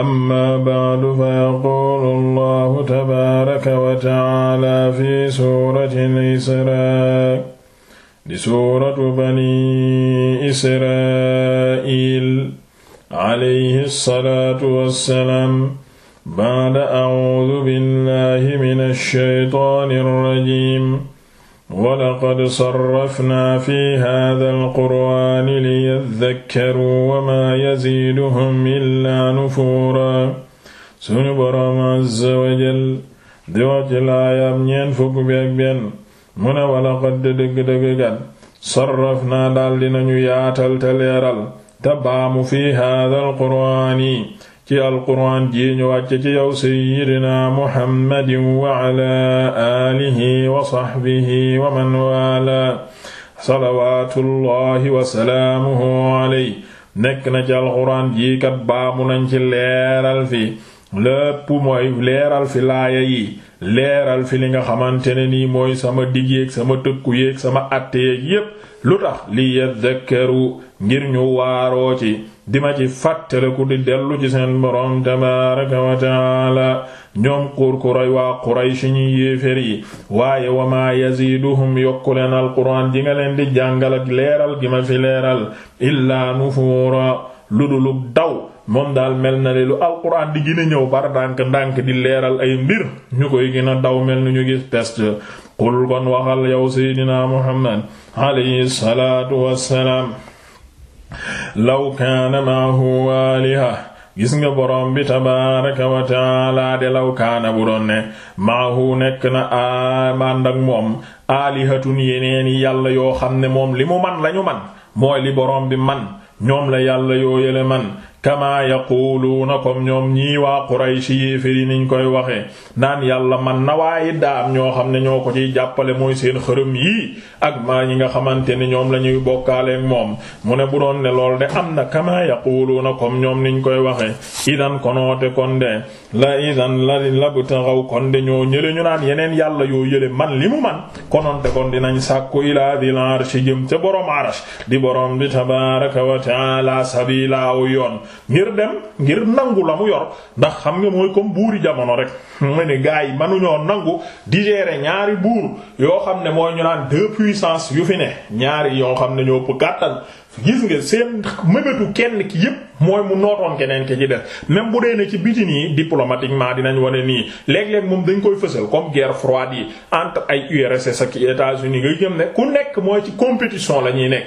amma ba'du fa yaquulu allahu tabaaraka wa ta'aala fi suurati al-Israa di suuratu bani Israa'iil alayhi salaatu wassalaam ba'da a'uudu billahi mina shaytaani rajiim walaqad sarrafnaa fi haadhal qur'aani liyadhakkaruu wa maa yaziiduhum illaa nufuuraa sunu boroom azza wa jal di wax ci laayaam ñeent fukk bi ak benn mu ne walaqad dëgg-dëgg kat sarrafnaa daal dinañu yaatal te leeral te baamu fi haadhal qur'aani ci alquraan ji ñu wàcce ci yow sayyidina muhammadin wa ala alihi wa sahbihi wa man wala salawaatullahi wa salaamuhu alayhi nekk na ci alquraan ji kat baamu nañ ci leeral fi laaya yi leeral fi li nga xamante ne nii mooy sama dig yéeg sama tëkku yéeg sama atte yéeg yépp lu tax li yadhakkaru ngir ñu waaroo ci di ma ci fàttaliku di dellu ci seen boroom tabaaraka wa taala ñoom quur kuray waa ñi yéefér yi waaye wa maa yaziiduhum yokku alquraan ji nga leen di jàngal leeral gima ma fi leeral illaa nufuura lu daw moom daal mel na ne lu alquran di gën ñëw bar ndànk-ndànk di leeral ay mbir ñu koy gën a daw mel ni ñu gis test qul kon waxal yow seydina muhammad alayhi salaatu wassalaam law kaana maahu waaliha gis nga boroom bi tabaaraka wa taala de law kaana bu ne maahu nekk na amaan ak moom aalihatun yeneen yi yàlla yoo xam ne moom li mu man lañu man mooy li man ñoom la yàlla yoo yele man kama na comme ñoom ñii waa Quraysh yéefér yi niñ koy waxee naan yàlla man na waaye daa am ñoo xam ne ñoo ko ciy jàppale mooy seen xërëm yii ak maa ñi nga xamante ne ñoom la ñuy bokkaaleeg moom mu ne bu doon ne lool de am na kama yaquluuna kom ñoom niñ koy waxee idan konoote kon de la idan la labtaxaw kon de ñoo ñële ñu naan yeneen yàlla yoo yële man li mu man konoonte kon dinañ sàkku ilaa dil arsh jëm ca borom arsh di boroom bi tabaaraka wa ta'aala sabiilaawu yoon ngir dem ngir nangu la mu yor ndax xam nga mooy comme buuri jamono rek mu ne gars yi manu mënuñoo nangu digérer ñaari buur yoo xam ne mooy ñu naan deux puissances yu fi ne ñaari yoo xam ne ñoo ëpp kàttan gis nga seen mëbëtu kenn ki yépp mooy mu nootoon keneen ki ci def même bu dee ne ci biti nii diplomatiquement dinañ wane nii léeg-léeg moom dañ koy fësal comme guerre froide yi entre ay URSS ak États-Unis nga jëm ne ku nekk mooy ci compétition la ñuy nekk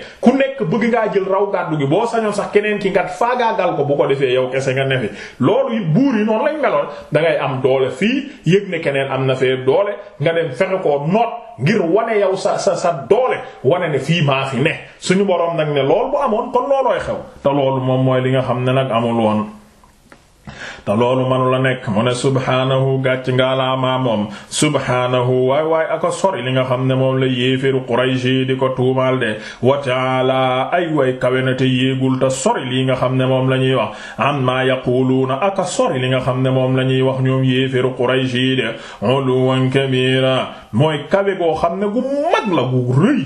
nekk bëgg ngaa jël raw gàddu gi boo sañoon sax keneen ki nga faagaagal ko bu ko defee yow kese nga nefi loolu it buur yi noonu lañ meloon da ngay am doole fii yëg ne keneen am na fee doole nga dem fexe ko noot ngir wane yow sa sa doole wane ne fii maa fi ne suñu borom nag ne lool bu amoon kon loolooy xew te loolu moom mooy li nga xam ne nag amul woon te loolu manu la nekk mu ne subhaanahu gàcc ngaalaamaa moom subhaanahu waay waay aka sori li nga xam ne moom la yéeféru Quraysh di ko tuumaal de wa taala ay way kawe na te yéegul te sori lii nga xam ne moom la ñuy wax amma yaquluuna aka sori li nga xam ne moom la ñuy wax ñoom yéeféru Quraysh de uluwan kabira mooy kawe xam ne gu la gu rëy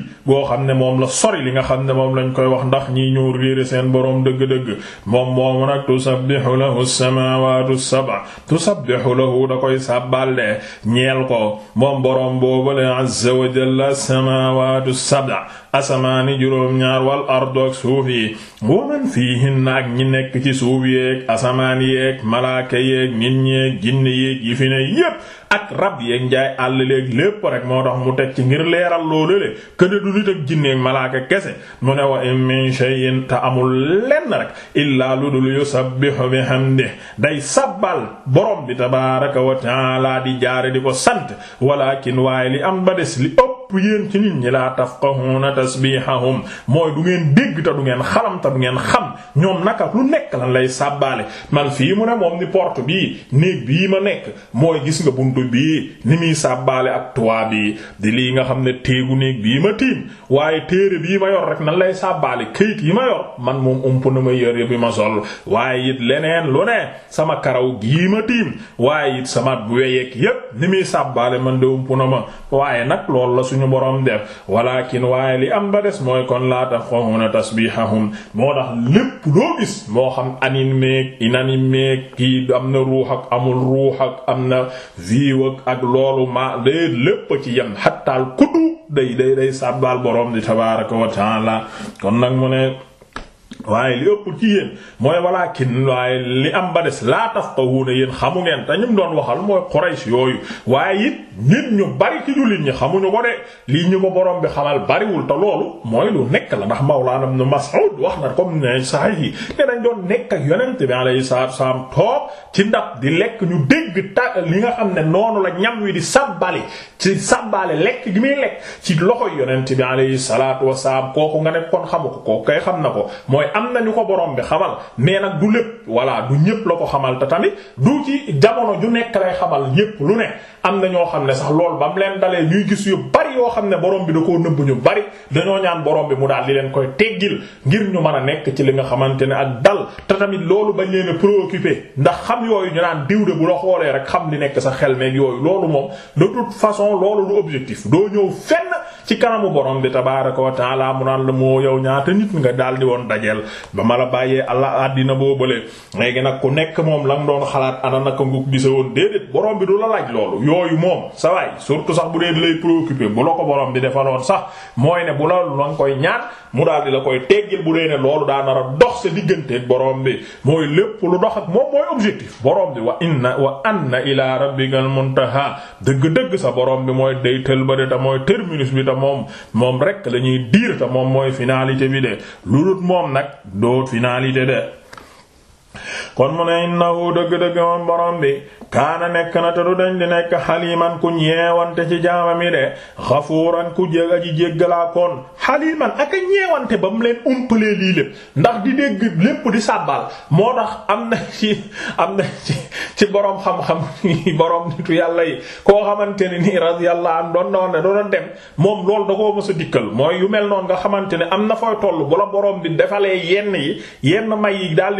xam ne moom la sori li nga xam ne moom lañ koy wax ndax ñi ñoo réere seen boroom dëgg-dëgg moom moomu nag tusabbihu lahu as samaawaatu sab'a tusabbihu lahu da koy sàbbal de ñeel ko moom boroom boobale azza wa jalla samaawaatu sab'a asamaani juróom-ñaar wal ardu ak suuf yi wa man fiihinna ak ñi nekk ci suuf yeeg asamaan yeeg malaaka yeeg nit ñeeg jinne yeeg yi fi ne yépp ak rab yeeg njaay àll léegi lépp rek moo tax mu teg ci ngir leeral loolu le këne du nit ak jinne malaaka kese mu ne wa in min shay'in te amul lenn rek illaa lu dul yusabbihu bihamdi day sabbal borom bi tabaaraka wa taala di jaare di ko sant walakin waaye li am ba des li ëpp ëpp yéen ci nit ñi laa a tasbihahum mooy du ngeen dégg te du ngeen xalam te du ngeen xam ñoom naka lu nekk lan lay sàbbaale man fii mu ne moom ni porte bii néeg bii ma nekk mooy gis nga buntu bii ni muy sàbbaale ak toit bii di lii nga xam ne téegu néeg bii ma tiim waaye téere bii ma yor rek nan lay sàbbaale kayit yi ma yor man moom ump na ma yër bi ma sol waaye it leneen lu ne sama karaw gii ma tiim waaye it sama weyeek yépp ni muy sàbbaale man suñu borom def walakin waaye li am ba mooy kon laata laa tafqahuna tasbihahum moo tax lépp loo gis moo xam animé inanimé kii am na ruux ak amul ruux ak am na vie ak loolu ma dee lépp ci yem xattaal kudu day day day sàbbaal borom di tabaaraka wa kon nag mu ne waaye li ëpp ci yéen mooy walaakin waaye li am ba des laa tafqahuuna yéen xamu ngeen ta ñu doon waxal mooy Quraysh yooyu waaye it nit ñu bari ci jullit ñi xamuñu ko de lii ñu borom bi xamal bariwul te loolu mooy nekk la ndax Mawlaana Ibn Mas'ud wax na comme ne sahih yi te dañ doon nekk ak yonent bi alayhi salaatu wassalaam toog ci ndab di lekk ñu dégg ta li nga xam ne noonu la ñam wi di sabbali ci sabbale lekk gi muy lekk ci loxoy yonent bi alayhi salaatu wassalaam kooku nga ne kon xamu ko xam na ko am na ñu ko borom bi xamal mais nag du lépp voilà du ñëpp la ko xamal te tamit du ci jamono ju nekk lay xamal ñëpp lu ne am na ñoo xam ne sax loolu ba mu leen dalee ñuy gis yu bari bari yoo xam ne borom bi da koo nëbb ñu bari dañoo ñaan borom bi mu daal di leen koy teggil ngir ñu mën a nekk ci li nga xamante ne ak dal te tamit loolu bañ leen a préoccupé ndax xam yooyu ñu naan diw de bu la xoolee rek xam li nekk sax xel meeg yooyu loolu moom de toute façon loolu du objectif doo ñëw fenn ci kanamu borom bi tabaaraka wa taala mu naan la moo yow ñaata nit nga daal di woon dajeel ba ma la bàyyee allah àddina boobale léegi nag ku nekk moom la mu doon xalaat ana ko gisee woon déedéet borom bi du la laaj loolu yooyu moom sa waay surtout bu la ko borom bi defaloon sax mooy ne bu la nga koy ñaan mu daal di la koy teggil bu dee ne loolu daa nar dox sa digganteeg borom bi mooy lépp lu dox ak moom mooy objectif borom bi wa inna wa anna ila rabbikal muntaha dëgg-dëgg sa boroom bi mooy deytal ba de te mooy terminus bi te moom moom rek la ñuy diir te moom mooy finalité bi de lu dul moom nag doo finalité de. kon mu ne innahu dëgg-dëgg moom borom bi kaana nekk na te du dañ di nekk xaliman ku ñeewante ci jaamami de xafuuran ku jég aji jéggalaa koon xaliman ak a ñeewante ba mu leen umpalee lii lépp ndax di dégg lépp di sàbbal moo tax am na ci am na ci ci borom xam-xam borom nitu yàlla yi koo xamante ne nii radiyallahu an doon na woon ne doon dem moom loolu da koo mës dikkal mooy yu mel noonu nga xamante ne am na fooy toll bu la borom bi defalee yenn yi yenn may yi daal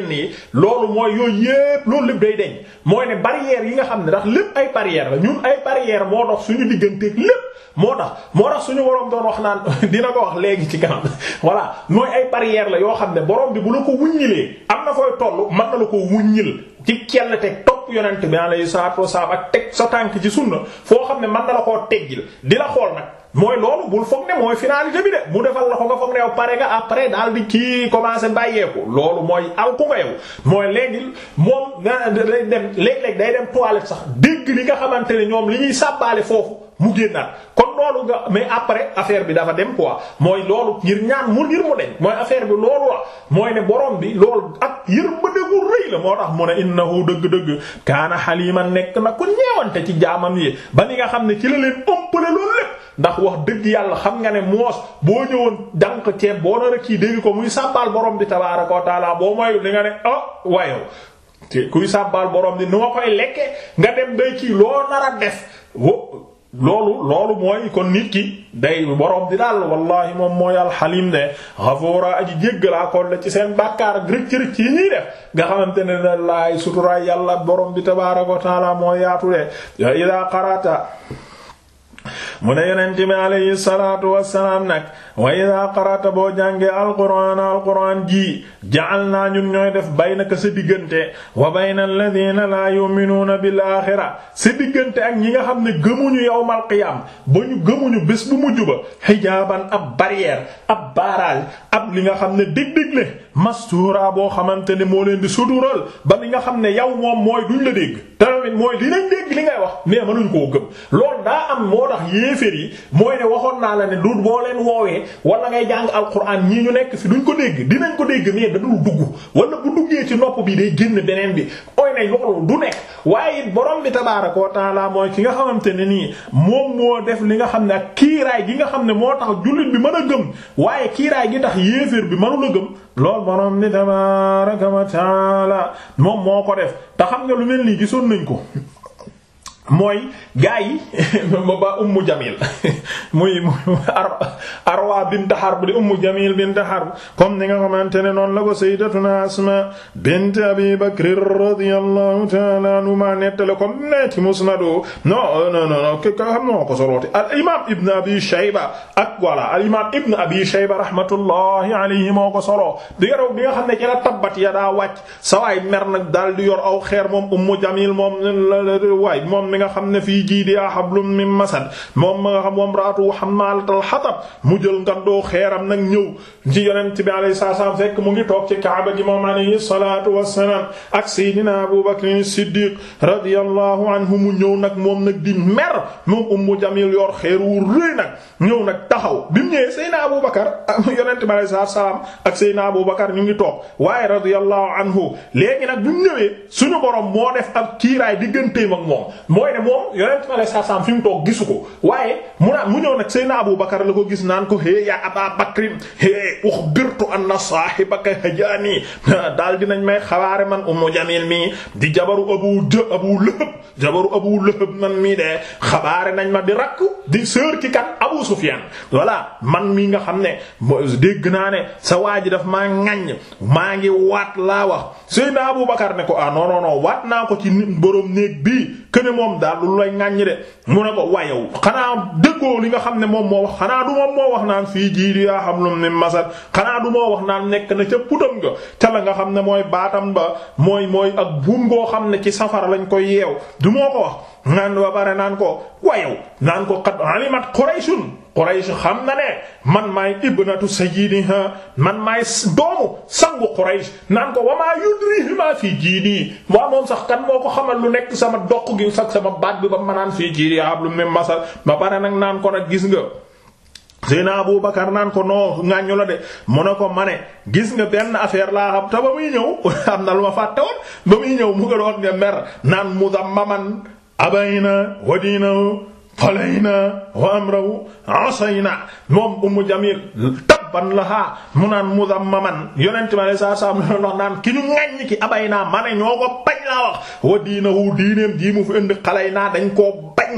yenn yi loolu mooy yooyu yépp loolu lépp day deñ mooy ne barrière yi nga xam ne ndax lépp ay barrière la ñun ay barrière moo dox suñu digganteeg lépp moo tax moo tax suñu boroom doon wax naan dina ko wax léegi ci kanam voilà mooy ay barrière la yoo xam ne borom bi bu la ko wuññilee am na fooy toll man na la ko wuññil ci kell teg topp yonent bi alayhi salaatu wasalaam ak teg sa tànk ci sunna foo xam ne man na la koo teggil di la xool nag mooy loolu bul foog ne mooy finalité bi de mu defal la ko nga foog ne yow pare nga après daal di kii commencé bàyyeeku loolu mooy aw ku nga yow mooy léegi moom nga day dem léeg-léeg day dem toilette sax dégg li nga xamante ne ñoom li ñuy sàbbaale foofu mu génnaat kon loolu nga mais après affaire bi dafa dem quoi mooy loolu ngir ñaan mu ngir mu deñ mooy affaire bi loolu la mooy ne borom bi loolu ak yërmande gu rëy la moo tax mu ne innahu dëgg-dëgg kaana xaliman nekk na ku ñeewante ci jaamam yi ba ni nga xam ne ci la leen ëmpale loolu lépp ndax wax dëgg yàlla xam nga ne moos boo ñëwoon dànk ceeb boo nar a kii dégg ko muy sàbbal borom bi tabaaraka ko taala boo moyul li nga ne ah oh, wayow kuy sàbbal borom bi noo koy lekke nga loo nar a loolu loolu mooy kon nit ki day borom di daal wallahi moom mooy alxalim de xafoora aji jéggalaa kon la ci seen bàkkaar ak rëcc-rëcc yi nga xamante ne ne laay suturaay yàlla borom bi tabaaraka wa taala mooy yaatu de ida qarata mu ne yonent bi alayhi salaatu wassalaam nag wa idaa qara'ta boo jàngee alquraan alquraan ji naa ñun ñooy def baynaka sa diggante wa bayna alladhiina laa yu'minuuna bil aaxira sa diggante ak ñi nga xam ne gëmuñu yawmal qiyaam ba ñu gëmuñu bés bu mujj ba xijaaban ab barrière ab baaraal li nga xam ne dig-digle boo xamante ne moo leen di sutural ba li nga xam ne yow moom mooy duñ la dégg tamit mooy dinañ dégg li ngay wax mais mënuñ koo gëm loolu daa am moo tax yéeféer yi mooy waxoon naa la ne du boo leen woowee wala ngay jàng alquran ñii ñu nekk fi duñ ko dégg dinañ ko dégg mais da dul dugg wala bu duggee ci nopp bi day génn beneen bi mooy ne loolu du nekk waaye it borom bi tabaaraka wa taala mooy ki nga xamante ne nii moom moo def li nga xam ne ak kiiraay gi nga xam ne moo tax jullit bi mën a gëm waaye kiiraay gi tax yéeféer bi mënul a gëm loolu borom bi tabaaraka wa taala moom moo ko def te xam nga lu mel nii gisoon nañ ko mooy gaa yi ba ummu jamil muy ar arwa bint harb di ummu jamil bint harb comme ni nga xamante ne noonu la ko sayyidatuna asma bint abi bakr radiyallahu ta'ala anhuma nettale comme ne ci musnadu non non non ke ka xam noo ko solooti al imam ibn abi shayba ak wala al imam ibn abi shayba rahmatullahi alayhi moo ko soloo di nga raw bi nga xam ne ci la tabbat ya daa wàcc sawaay mer nag daal di yor aw xeer moom ummu jamil moom waay moom nga xam ne fii jiidihaa hablum min masad moom ma nga xam moom raatu hammaalatal hatab mu jël ngandoo xeeram nag ñëw ci yonent bi alayhi salaam fekk mu ngi toog ci kaaba gi moom alayhi salaatu wassalaam ak seydina Abu Bakr as-Siddiq radiyallahu anhu mu ñëw nag moom nag di mer moom Ummu Jamil yor xeer wu rëy nag ñëw nag taxaw bi mu ñëwee seydina Abu Bakr yonent bi alayhi salaam ak seydina Abu Bakr ñu ngi toog waaye radiyallahu anhu léegi nag bu ñëwee suñu borom moo def ab kiiraay digganteem ak moom mooy moom saa fi mu toog gisu ko waaye mu naan mu ñëw nag Seydina Abu la ko gis naan ko hee yaa Aba Bakrin hee ukhbirtu anna saahibaka hajaani daal dinañ may xabaare man Ummu Jamil mii di jabaru Abu Abu Lahab jabaru Abu Lahab man mii de xabaare nañ ma di rakk di sœur ci kan Abu Sufyaan voilà man mii nga xam ne dégg naa ne sa waa ji daf maa ŋaññ maa ngi waat laa wax Seydina Abu Bakar ne ko a ah, non waat naa ko ci borom néeg bi këne moom daal lu lay ŋàññi de mu ne ko wayow xanaa dëggoo li nga xam ne moom moo wax xanaa du moom moo wax naan fii jiidi yaa xam lum ni masat xanaa du moo wax naan nekk na ca putam nga ca la nga xam ne mooy baatam ba mooy mooy ak buum goo xam ne ci safara lañ koy yeew du moo ko wax naan ba bare naan ko wayow naan ko qad alimat qurayshun Quraysh xam na ne man maay ibnatu sayyidiha man maay doomu sangu Quraysh naan ko wamaa yudrihi ma fii jiidi waaw moom sax kan moo ko xamal lu nekk sama doq gi sax sama baat bi ba manaan fii jiidi hablu min masal ba bare nag naan ko nag gis nga Seydina Abu Bakar naan ko noo ŋàññu la de mu ne ko ma ne gis nga benn affaire laa xam te ba muy ñëw am na lu ma fàtte ba muy ñëw mu nga doon nga mer naan mudammaman abayna wadina falayna wa amrahu asayna moom Ummu Jamil tabban laha mu naan mudammaman yonent ma lay saa saa mu doon wax naan ki ñu ŋaññi ki abay naa ma ne ñoo ko bañ laa wax wa diinahu diineem jii mu fi indi xalay naa dañ koo bañ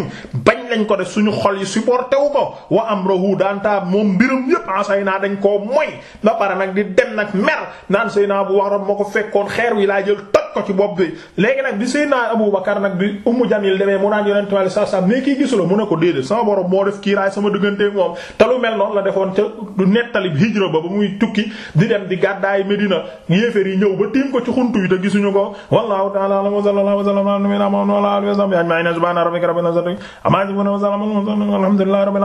bañ lañ ko de suñu xol yi supporté wu ko wa amrahu daantaa moom mbirum yépp asay naa dañ koo moy ba pare nag di dem nag mer naan sëy naa bu wax ram ma ko fekkoon xeer wi laa jël wat ko ci bopp bi léegi nag bi Seydina Abu Bakar nag bi Ummu Jamil demee mu naan yonent Yàlla sa sa mais kii gisula mu ne ko déedéet sama borom moo def kiiraay sama digganteek moom te lu mel noonu la defoon ca du nettali hijra ba ba muy tukki di dem di gàddaay Medina yéeféer yi ñëw ba tiim ko ci xuntu yi te gisuñu ko wallahu ta'ala a'lam wa sallallahu wa sallama ala nabiyyina Muhammadin wa ala alihi wa sahbihi ajma'in subhana rabbika rabbil izzati amma